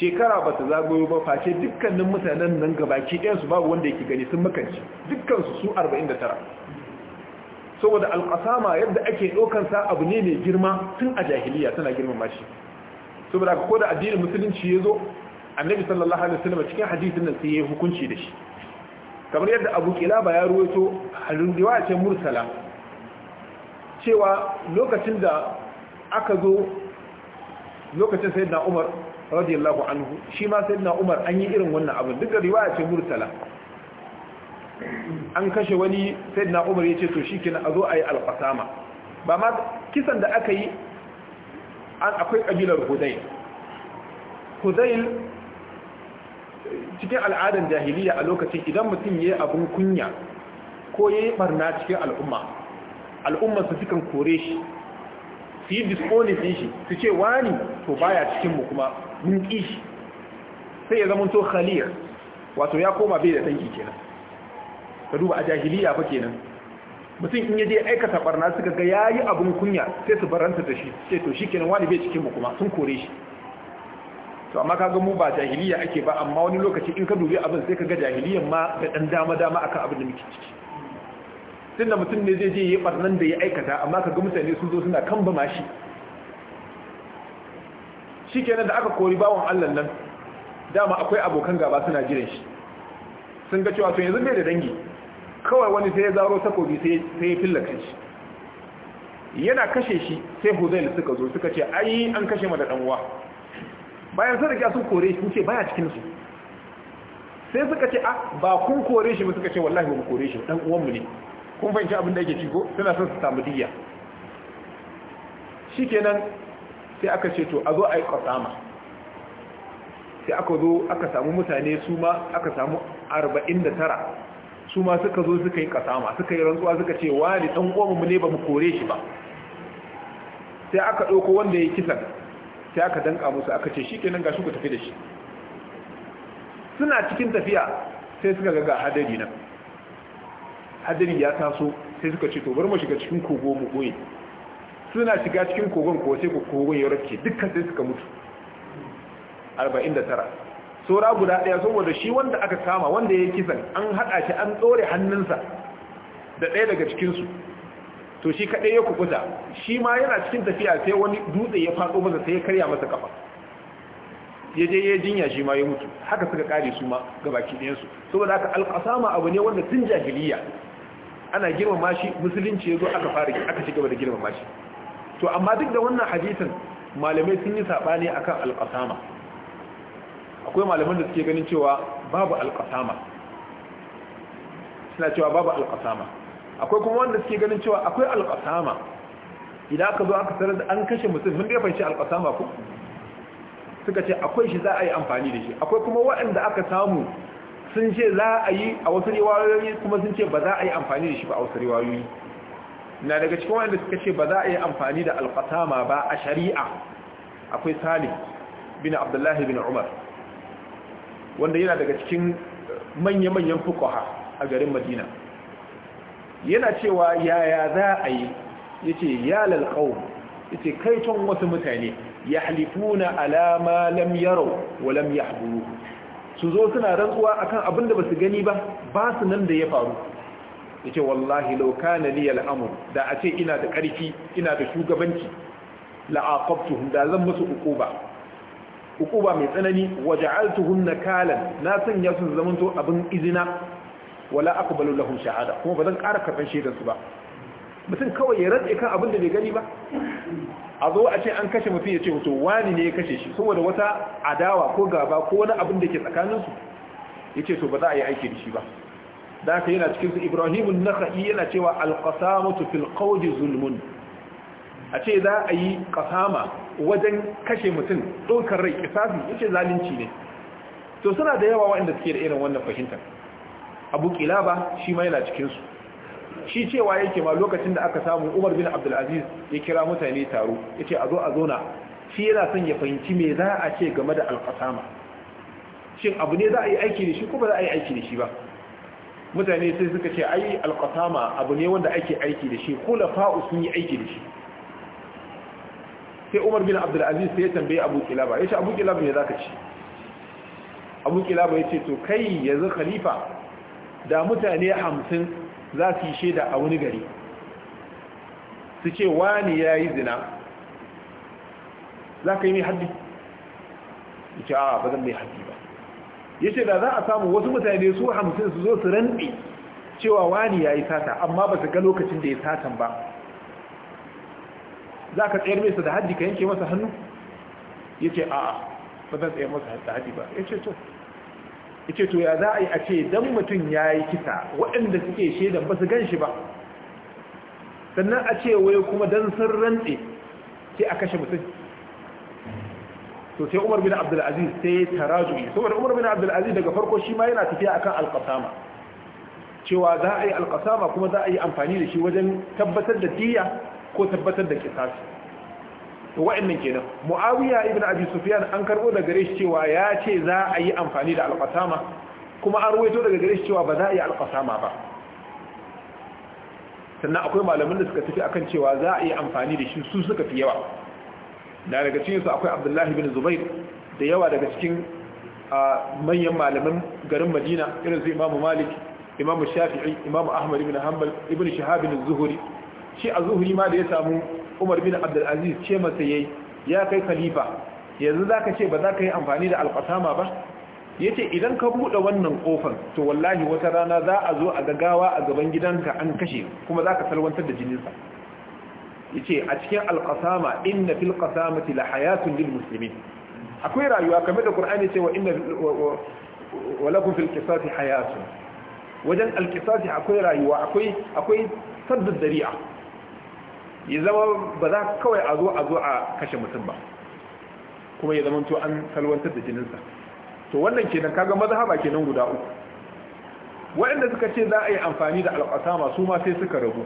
shekara ba ta zagoyo ba face dukkanin mutanen nan gabaki ɗayansu babu wanda yake gani sun makanci dukkansu su 49 saboda alƙasama yadda ake ɗaukansa abu ne mai girma tun a jahiliya tana girmama shi saboda ko da addinin musulunci ya zo annabi sallallahu alaihi wasallam cikin hadisin nan sai ya hukunci da shi kamar yadda abu kilaba ya ruwaito a riwaya ce mursala cewa lokacin da aka zo lokacin sayyidina Umar radiyallahu anhu shi ma sayyidina Umar an yi irin wannan abin duk da riwaya ce mursala an kashe wani sayyidina Umar ce to kina a zo ayi alqasama ba ma kisan da aka yi an akwai kabilar Hudayl Hudayl cikin al'adar jahiliya a lokacin idan mutum ya yi abun kunya ko yayi barna cikin al'umma al'ummar su sukan kore shi su yi disponis din shi su ce wani to baya cikin mu kuma mun ƙi shi sai ya zama to khaliyar wato ya koma bai da tanki kenan ka duba a jahiliya fa kenan mutum in yaje aikata barna suka ga yayi abun kunya sai su baranta da shi sai to shi kenan wani bai cikin mu kuma sun kore shi to amma ka ga mu ba jahiliya ake ba amma wani lokaci in ka dubi abin sai ka ga jahiliyan ma da ɗan dama dama akan abin da muke ciki tunda mutum ne zai je yi barnan da ya aikata amma ka ga mutane sun zo suna kan bama shi shikenan da aka kori bawon Allah nan dama akwai abokan gaba suna jiran shi sun ga cewa to yanzu bai da dangi kawai wani sai ya zaro takobi sai sai ya filla shi. yana kashe shi sai Huzail suka zo suka ce ai an kashe mu da dan uwa bayan sun riga sun kore shi ce baya cikin su sai suka ce a ah, ba kun kore shi ba suka ce wallahi ba mu kore shi dan uwan mu ne kun fahimci abin da yake ciko suna son su samu diya shikenan sai aka ce to a zo a yi kwasama sai aka zo aka samu mutane su ma aka samu 49 su ma suka zo suka yi kwasama suka yi rantsuwa suka ce wa ɗan dan mu ne ba mu kore shi ba sai aka ɗauko wanda ya kisan sai aka danka musu aka ce shikenan gashi ku tafi da shi suna cikin tafiya sai suka ga ga hadari nan hadari ya taso sai suka ce to bar mu shiga cikin kogo mu boye suna shiga cikin kogon ko sai kogon ya rafke dukkan sai suka mutu 49 saura guda daya saboda shi wanda aka kama wanda ya kisan an hada shi an tsore hannunsa da ɗaya daga cikinsu to shi kaɗai ya kubuta. shi ma yana cikin tafiya sai wani dutse ya faɗo masa sai ya karya masa kafa ya je ya jinya shi ma ya mutu haka suka kare su ma ga baki ɗayansu saboda haka alƙasama abu ne wanda tun jahiliya ana girmama shi musulunci yazo aka fara aka ci da girmama shi to amma duk da wannan hadisin malamai sun yi sabani akan alqasama akwai malaman da suke ganin cewa babu alqasama suna cewa babu alqasama akwai kuma wanda suke ganin cewa akwai alqasama idan aka zo aka sanar da an kashe mutum mun dai fahimci alqasama ko suka ce akwai shi za a yi amfani da shi akwai kuma waɗanda aka samu sun ce za a yi a wasu riwayoyi kuma sun ce ba za a yi amfani da shi ba a wasu riwayoyi na daga cikin wanda suka ce ba za a yi amfani da alfatama ba a shari'a akwai salim bin abdullahi bin umar wanda yana daga cikin manya-manyan fukoha a garin madina yana cewa yaya za a yi ya ce ya lalƙau ya ce kaiton wasu mutane ya halifuna alama lam yaro wa lam ya su zo suna rantsuwa akan abin da basu gani ba ba su nan da ya faru yace wallahi law kana li al'amr da a ce ina da ƙarfi ina da shugabanci la aqabtuhum da zan musu uquba uquba mai tsanani waja'altuhum nakalan na sanya su zaman to abin izina wala aqbalu lahum shahada kuma bazan ƙara karban shaidan su ba mutum kawai ya rantsa kan abin da bai gani ba a zo a ce an kashe mutum ya ce wato wani ne ya kashe shi saboda wata adawa ko gaba ko wani abin da ke tsakaninsu ya ce to ba za a yi aiki da shi ba da haka yana cikinsu ibrahimun kai yana cewa alƙasamatu fil qawli zulmun a ce za a yi ƙasama wajen kashe mutum ɗaukar rai ƙisafi ya ce zalunci ne to suna da yawa waɗanda suke da irin wannan fahimtar abu ba, shi ma yana cikinsu shi cewa yake ma lokacin da aka samu Umar bin Abdul Aziz ya kira mutane taro yace a zo a zo na shi yana son ya fahimci me za a ce game da al-qasama shin abu ne za a yi aiki da shi ko ba za a yi aiki da shi ba mutane sai suka ce ai al-qasama abu ne wanda ake aiki da shi khulafa'u sun yi aiki da shi sai Umar bin Abdul Aziz sai ya tambaye Abu Kilaba yace Abu Kilaba me zaka ci Abu Kilaba yace to kai yanzu khalifa da mutane 50 za su yi shaida a wani gari su ce wani ya yi zina za ka yi mai haddi ya ce a ba zan mai haddi ba ya ce da za a samu wasu mutane su hamsin su zo su rantsi cewa wani ya yi sata amma ba su ga lokacin da ya satan ba za ka tsayar mai su da haddi ka yanke masa hannu ya ce a ba zan tsayar masa haddi ba ya ce to yace to ya za a yi a ce dan mutum yayi kisa waɗanda suke shaidan ba su shi ba sannan a ce wai kuma don sun rantse sai a kashe mutum to sai Umar bin Abdul Aziz sai taraju'i saboda Umar bin Abdul Aziz daga farko shi ma yana tafiya akan alkasama cewa za a yi alkasama kuma za a yi amfani da shi wajen tabbatar da diya ko tabbatar da kisasi to wa'annan kenan muawiya ibn abi sufyan an karbo daga gare shi cewa ya ce za a yi amfani da alqasama kuma an ruwaito daga gare shi cewa ba za a yi alqasama ba sannan akwai malaman da suka tafi akan cewa za a yi amfani da shi su suka fi yawa na daga cikin su akwai abdullahi bin zubair da yawa daga cikin manyan malaman garin madina irin su imamu malik imamu shafi'i imamu ahmad ibn hanbal ibn shahab bin zuhuri shi a zuhuri ma da ya samu umar bin abdulaziz ce masa yayi ya kai khalifa yanzu zaka ce ba za ka yi amfani da alqasama ba yace idan ka bude wannan kofar to wallahi wata rana za a zo a gagawa a gaban gidanka an kashe kuma zaka salwantar da sa yace a cikin alqasama inna fil qasamati la hayatun lil muslimin akwai rayuwa kamar da qur'ani ce wa inna wa lakum fil hayatun wajen alqisasi akwai rayuwa akwai akwai saddad dari'a ya zama ba za kawai a zo a zo a kashe mutum ba kuma ya zama to an salwantar da jininsa to wannan kenan kaga mazhaba kenan guda uku waɗanda suka ce za a yi amfani da alƙasama su ma sai suka rabu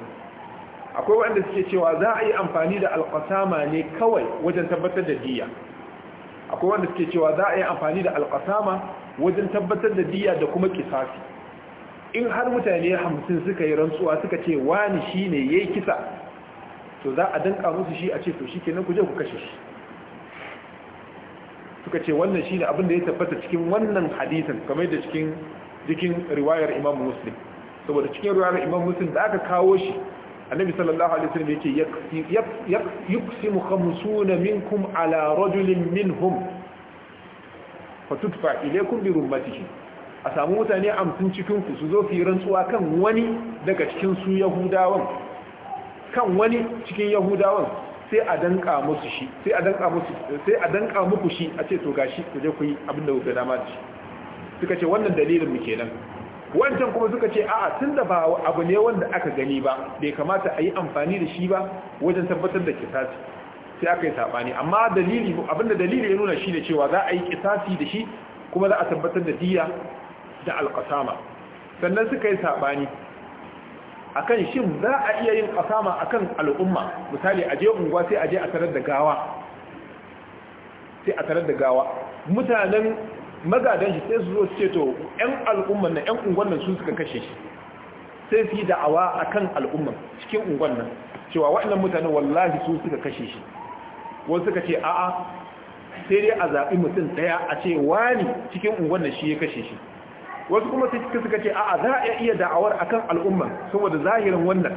akwai waɗanda suke cewa za a yi amfani da alƙasama ne kawai wajen tabbatar da diya akwai waɗanda suke cewa za a yi amfani da alƙasama wajen tabbatar da diya da kuma kisasi in har mutane hamsin suka yi rantsuwa suka ce wani shine yayi kisa to za a danka musu shi a ce to shi kenan ku je ku kashe shi suka ce wannan shi ne abin da ya tabbata cikin wannan hadisin kamar da cikin jikin riwayar imam muslim saboda cikin riwayar imam muslim da aka kawo shi annabi sallallahu alaihi wasallam yake yuqsimu khamsuna minkum ala rajulin minhum tudfa ilaykum bi rumatihi a samu mutane 50 cikin ku su zo fi rantsuwa kan wani daga cikin su yahudawan kan wani cikin yahudawan sai a danka musu shi sai a danka musu sai a danka muku shi a ce to gashi ku je ku yi abin da kuka dama da shi suka ce wannan dalilin mu kenan wancan kuma suka ce a'a tunda ba abu ne wanda aka gani ba bai kamata a yi amfani da shi ba wajen tabbatar da kisasi sai aka yi sabani amma dalili abinda dalili ya nuna shi shine cewa za a yi kisasi da shi kuma za a tabbatar da diyya da alqasama sannan suka yi sabani akan shin za a iya yin kasama akan al'umma misali a je unguwa sai a je a tarar da gawa sai a tarar da gawa mutanen magadan shi sai su zo su ce to yan al'umman nan yan unguwan nan su suka kashe shi sai su yi da'awa akan al'umman cikin unguwan nan cewa waɗannan mutanen wallahi su suka kashe shi wasu suka ce a'a sai dai a zaɓi mutum ɗaya a ce wani cikin unguwan nan shi ya kashe shi wasu kuma suka suka ce a'a za a iya da'awar akan al'umma saboda zahirin wannan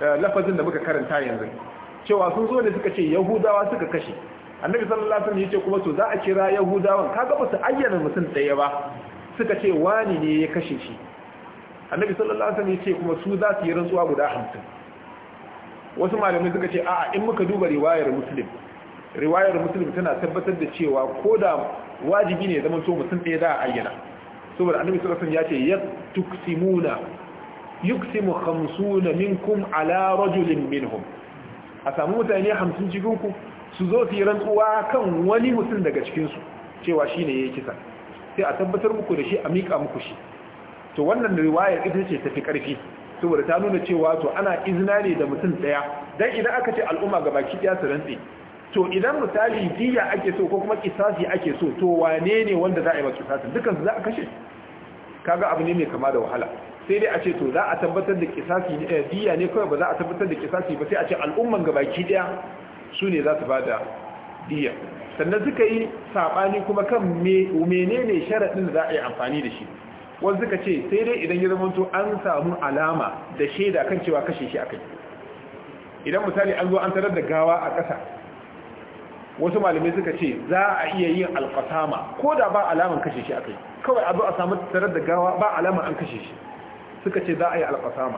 eh, lafazin da muka karanta yanzu cewa sun zo ne suka ce yahudawa suka kashe annabi sallallahu alaihi wasallam yace kuma to za a kira yahudawan kaga ba su ayyana mutum daya ba suka ce wani ne ya kashe shi annabi sallallahu alaihi wasallam yace kuma su za su yi rantsuwa guda 50 wasu malamai suka ce a'a in muka duba riwayar muslim riwayar muslim tana tabbatar da cewa ko da wajibi ne zaman to mutum ɗaya za a ayyana saboda annabi sallallahu alaihi ya ce tuksimuna yuksimu 50 minkum ala rajulin minhum a samu mutane hamsin cikin ku su zo su yi rantsuwa kan wani mutum daga cikin su cewa ya yi kisa sai a tabbatar muku da shi a miƙa muku shi to wannan riwayar ita ce tafi karfi saboda ta nuna cewa to ana izina ne da mutum ɗaya. Don idan aka ce al'umma baki ɗaya su rantsi to idan misali diya ake so ko kuma kisasi ake so to wane ne wanda za a yi wa kisasin dukansu za a kashe kaga abu ne mai kama da wahala sai dai a ce to za a tabbatar da kisasi eh, diya ne kawai ba za a tabbatar da kisasi ba sai a ce al'umman gabaki daya su ne za su ba da diya sannan suka yi saɓani kuma kan ne sharaɗin da za a yi amfani da shi wanda suka ce sai dai idan ya zamanto an samu alama da shaida kan cewa kashe shi a kai? idan misali an zo an tarar da gawa a ƙasa wasu malamai suka ce za a iya yin alkasama ko da ba alaman kashe shi akai kawai abu a samu tarar da gawa ba alaman an kashe shi suka ce za a yi alkasama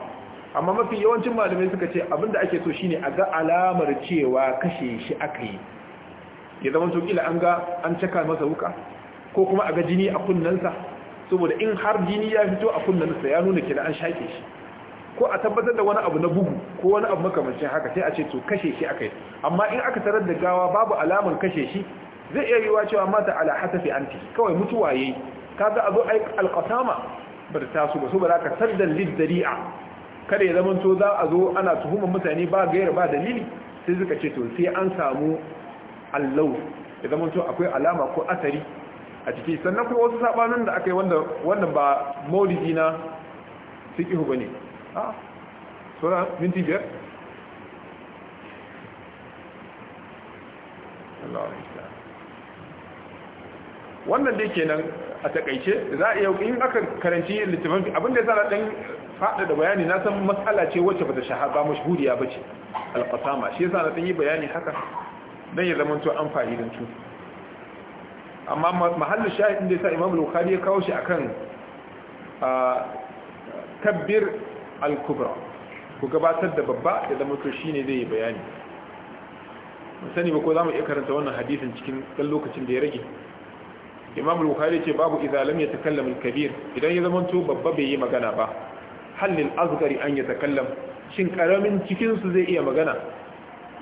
amma mafi yawancin malamai suka ce abinda ake so shine a ga alamar cewa kashe shi akai ya zama to kila an ga an caka masa wuka ko kuma a ga jini a kunnensa saboda in har jini ya fito a kunnensa ya nuna kila an shake shi ko a tabbatar da wani abu na bugu ko wani abu makamancin haka sai a ce to kashe shi akai amma in aka tarar da gawa babu alaman kashe shi zai iya yiwa cewa mata ala hasafi anti kawai mutuwa yayi kaga a zo ai alqasama bar su ba su ba ka saddan lidzari'a kada ya zama to za a zo ana tuhumar mutane ba gaira ba dalili sai suka ce to sai an samu allau ya zama to akwai alama ko asari a ciki sannan kuma wasu sabanin da aka yi wanda wanda ba maulidi na fiqhu bane Ah, a suna minti biyar wannan dai kenan a takaice za a yau in aka karanci littafin abinda ya sa dan faɗaɗa bayani na san matsala ce wacce ba ta shahaba mashhuriya ba ce alƙasama shi yasa na ɗan yi bayani haka don ya zama to an fa'idantu amma mahallin shahidin da ya sa imam bukhari ya kawo shi akan kabbir ah, al-kubra ku gabatar da babba da zama to shine zai yi bayani mun sani ba ko zamu iya karanta wannan hadisin cikin dan lokacin da ya rage Imam al-Bukhari ce babu idza lam yatakallam al-kabir idan ya zama to babba bai yi magana ba halil azgari an yatakallam shin karamin cikin su zai iya magana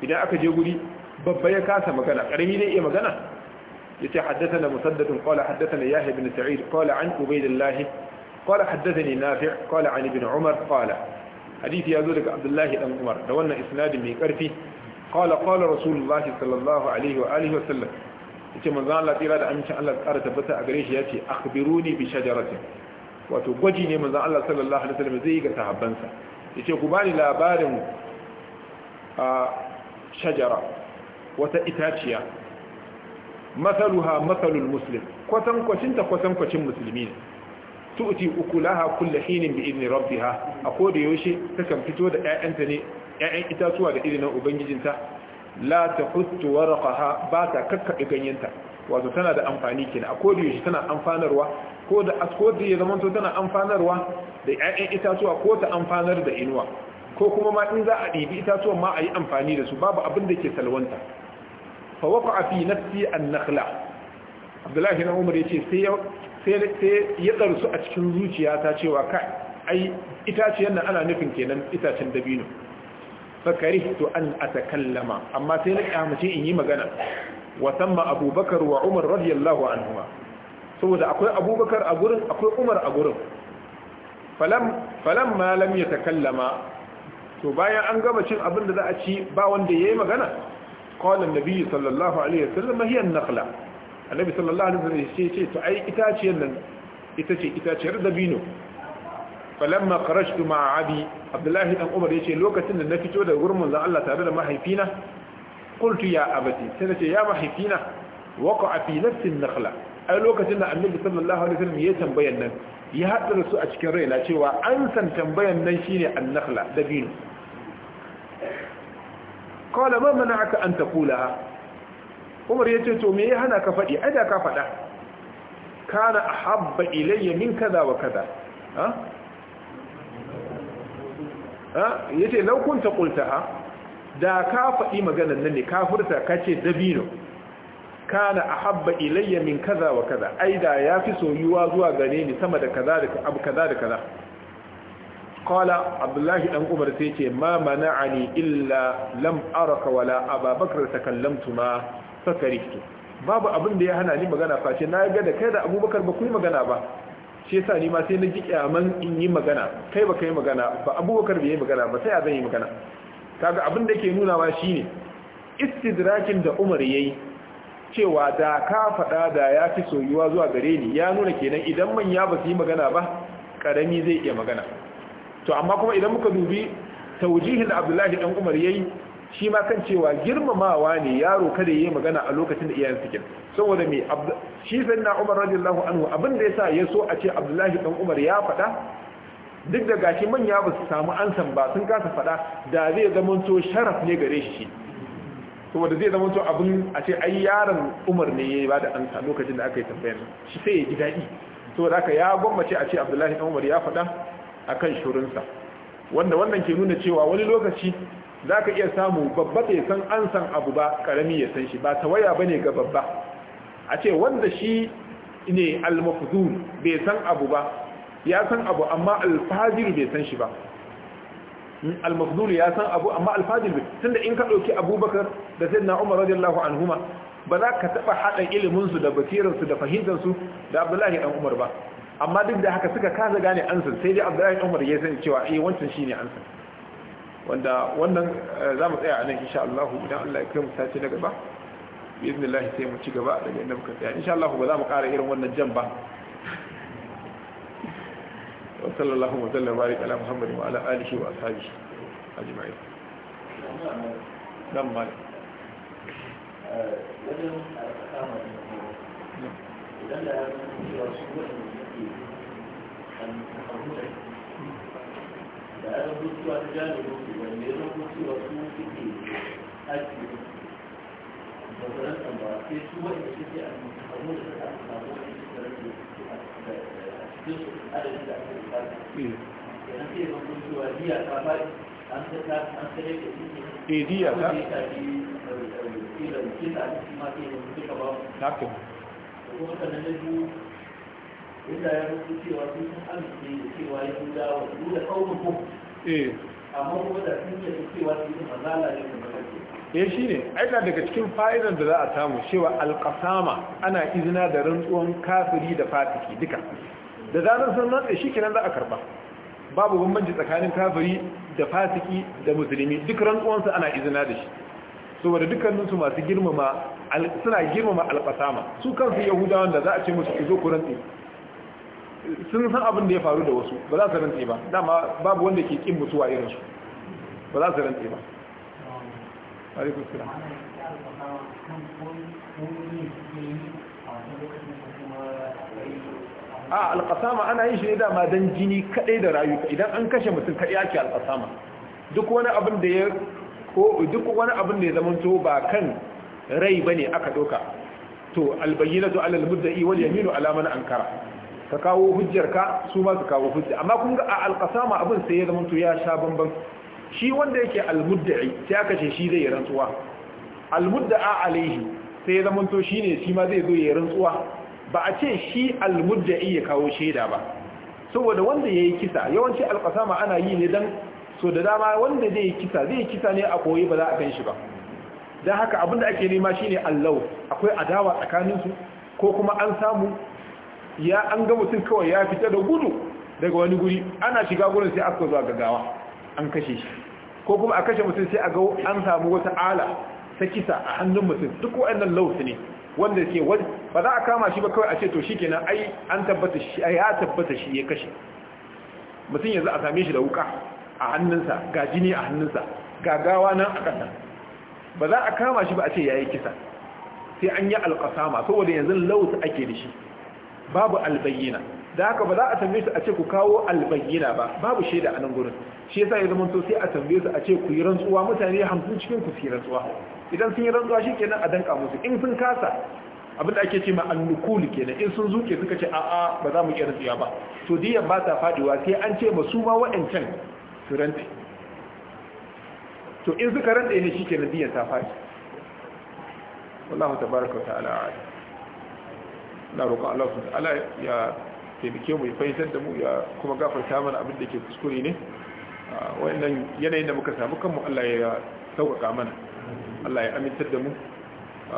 idan aka je guri babba ya kasa magana karami zai iya magana yace haddathana musaddad qala haddathana yahya ibn sa'id qala an ubaydillah قال حدثني نافع قال عن ابن عمر قال حديث يزول عبد الله بن عمر ده wannan isnadin mai karfi قال قال رسول الله صلى الله عليه واله وسلم yace manzon Allah tsira da amincin Allah tsara tabbata a gare shi yace akhbiruni bi wato gwaji ne manzon Allah sallallahu alaihi wasallam zai yi ga sahabbansa yace ku bani labarin a shajara wata itaciya masaluha masalul muslim kwatan kwacin ta kwatan kwacin musulmi ne tu'ti ukulaha kullu hinin bi idni rabbiha a koda yaushe takan fito da ƴaƴanta ne ƴaƴan itatuwa da idinan ubangijinta la tahuttu warqaha ba ta kakkabe ganyenta wato tana da amfani kenan a koda yaushe tana amfanarwa ko da da ya zamanto tana amfanarwa da ƴaƴan itatuwa ko ta amfanar da inuwa ko kuma ma in za a ɗibi itatuwan ma a yi amfani da su babu abin da ke salwanta fa waqa fi nafsi an-nakhla Abdullahi na Umar yace sai sai ya ɗarsu a cikin zuciya ta cewa kai ai itaciyar nan ana nufin kenan itacen dabino fakari to an atakallama amma sai na kyamace in yi magana wasan ma abubakar wa umar radiyallahu anhuma saboda akwai abubakar a gurin akwai umar a gurin falan malam ya takallama to bayan an gama cin abin da za a ci ba wanda ya yi magana kawalin nabi sallallahu alaihi wasallam hiyar nakla annabi sallallahu alaihi wasallam sai ce to ai itaciyar nan ita ce itaciyar dabino falamma kharajtu ma'a abi abdullahi dan umar yace lokacin da na fito daga gurin manzon Allah tare da mahaifina qultu ya abati sai nace ya mahaifina waqa'a fi nafsi an-nakhla ai lokacin da annabi sallallahu alaihi wasallam ya tambayan nan ya haddara su a cikin raina cewa an san tambayan nan shine an-nakhla dabino qala ma mana'aka an taqulaha umar ya ce to me ya hana ka faɗi ai da ka faɗa kana a habba ilayya min kaza wa kaza ha ha yace ta kunta da ka faɗi maganar nan ne ka furta ka ce dabino kana a habba ilayya min kaza wa kaza ai da fi soyuwa zuwa gane ni sama da kaza da abu kaza da kaza qala abdullahi dan umar sai ce ma mana'ani illa lam araka wala ta takallamtu ma fakarihtu babu abin da ya hana ni magana face na ga da kai da abubakar ba ku yi magana ba shi yasa ni ma sai na ji kyaman in yi magana kai ba kai magana ba abubakar bai yi magana ba sai a zan yi magana kaga abin da yake nuna wa shine istidrakin da Umar yayi cewa da ka faɗa da ya fi soyuwa zuwa gare ni ya nuna kenan idan manya ba su yi magana ba karami zai iya magana to amma kuma idan muka dubi taujihin da Abdullahi dan Umar yayi shi ma kan cewa girmamawa ne yaro kada ya yi magana a lokacin da iyayen suke saboda me shi sai na Umar radiyallahu anhu abin da yasa ya so a ce Abdullahi dan Umar ya faɗa duk da gashi manya ba su samu ansan ba sun kasa faɗa da zai to sharaf ne gare shi saboda zai to abin a ce ai yaron Umar ne ya ba da ansa lokacin da aka yi tambayar shi sai ya ji daɗi saboda haka ya gwammace a ce Abdullahi dan Umar ya faɗa akan shurinsa wanda wannan ke nuna cewa wani lokaci za ka iya samu babba bai san an san abu ba karami ya san shi ba ta waya ba ne ga babba a ce wanda shi ne almafuzun bai san abu ba ya san abu amma alfajir bai san shi ba hmm, almafuzun ya san abu amma alfajir bai tunda in ka ɗauki abubakar da sai na umar radiyallahu anhuma ba za ka taɓa haɗa iliminsu da basirarsu da fahimtarsu da abdullahi ɗan umar ba amma duk da haka suka kasa gane ansa sai dai abdullahi umar ya sani cewa eh wancan shine ansa wanda wannan eh, za mu tsaya a nan insha Allah idan Allah ya kai mu sace na gaba bismillah sai mu ci gaba daga inda muka tsaya insha Allah ba za mu ƙara irin wannan jan ba wa sallallahu wa sallam bari ala muhammad wa ala alihi wa ashabihi ajma'in dan malik eh, wajen kama idan da ya zama cewa su da ya zama ta jami'in wanda ya su suke da ba sai su suke a kamu da samu wani a cikin su da yana sai biya ta an ta ta an ta ta ta inda ya rubuta cewa sun san arziki da cewa ya fi dawo da kaunin ko eh. amma kuma da sun yi cewa sun yi mazala ne da kake ya eh, shi ne aika daga cikin fa'idar da za a samu cewa alƙasama ana izina da rantsuwan kafiri da fatiki duka da zarar sun rantsa shi kenan za a karba babu bambanci tsakanin kafiri da fatiki da musulmi duk rantsuwansa ana izina da shi saboda dukkaninsu masu girmama suna girmama alƙasama su kansu yahudawan da za a ce musu ku zo ku rantsi sun san abin da ya faru da wasu ba za su rantse ba dama babu wanda ke kin mutuwa irin su ba za su rantse ba a alƙasama ana yin shi ne dama don jini kaɗai da rayuka idan an kashe mutum kaɗai ake alƙasama duk wani abin da ya ko duk wani abin da ya zamanto ba kan rai ba ne aka doka to albayyana to mudda'i wal yaminu ala ankara ka kawo ka su ma su kawo hujja amma kun ga a alƙasama abin sai ya zama to ya sha bamban shi wanda yake almudda'i sai aka ce shi zai yi rantsuwa almudda'a alaihi sai ya zama to ne shi ma zai zo ya rantsuwa ba a ce shi almudda'i ya kawo shaida ba saboda wanda yayi kisa yawanci alƙasama ana yi ne dan so da dama wanda zai kisa zai kisa ne a koyi ba za a kan shi ba dan haka da ake nema shine allau akwai adawa tsakaninsu ko kuma an samu ya an ga mutum kawai ya fita da gudu daga wani guri ana shiga gurin sai aka zuwa gaggawa an kashe shi ko kuma a kashe mutum sai a ga an samu wata ala ta kisa a hannun mutum duk waɗannan lausu ne wanda ke wani ba za a kama shi ba kawai a ce to shikenan ai an tabbata shi ya tabbata shi ya kashe mutum yanzu a same shi da wuka a hannunsa ga jini a hannunsa gawa nan a ƙasa ba za a kama shi ba a ce ya yi kisa sai an yi alƙasama saboda yanzu lausu ake da shi babu albayyina da haka ba za a tambaye su a ce ku kawo albayyina ba babu shaida a nan gurin shi yasa ya zama to sai a tambaye su a ce ku yi rantsuwa mutane hamsin cikin ku yi rantsuwa idan sun yi rantsuwa shikenan a danka musu in sun kasa abin da ake ce ma nukul kenan in sun zuke suka ce a'a ba za mu iya rantsuwa ba to diya ba ta fadiwa sai an ce ba su ma wa'ancan su rantsi to in suka rantsa ne shikenan diyan ta fadi wallahu tabaraka wa ta'ala na roƙon Allah su ta'ala ya taimake mu ya fahimtar da mu ya kuma gafarta mana abin da ke kuskure ne wannan yanayin da muka samu kanmu Allah ya sauƙaƙa mana Allah ya amintar da mu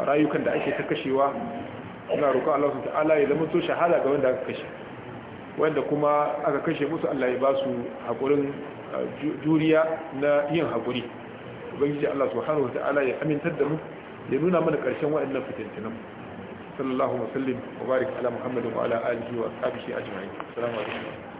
rayukan da ake ta kashewa ina roƙon Allah su ta'ala ya zama so shahada ga wanda aka kashe wanda kuma aka kashe musu Allah ya ba su haƙurin juriya na yin haƙuri ubangiji Allah subhanahu wa ta'ala ya amintar da mu ya nuna mana ƙarshen waɗannan fitintunan mu sallallahu wa sallim wa barik ala muhammadin wa ala alihi wa ashabihi ajma'in assalamu alaikum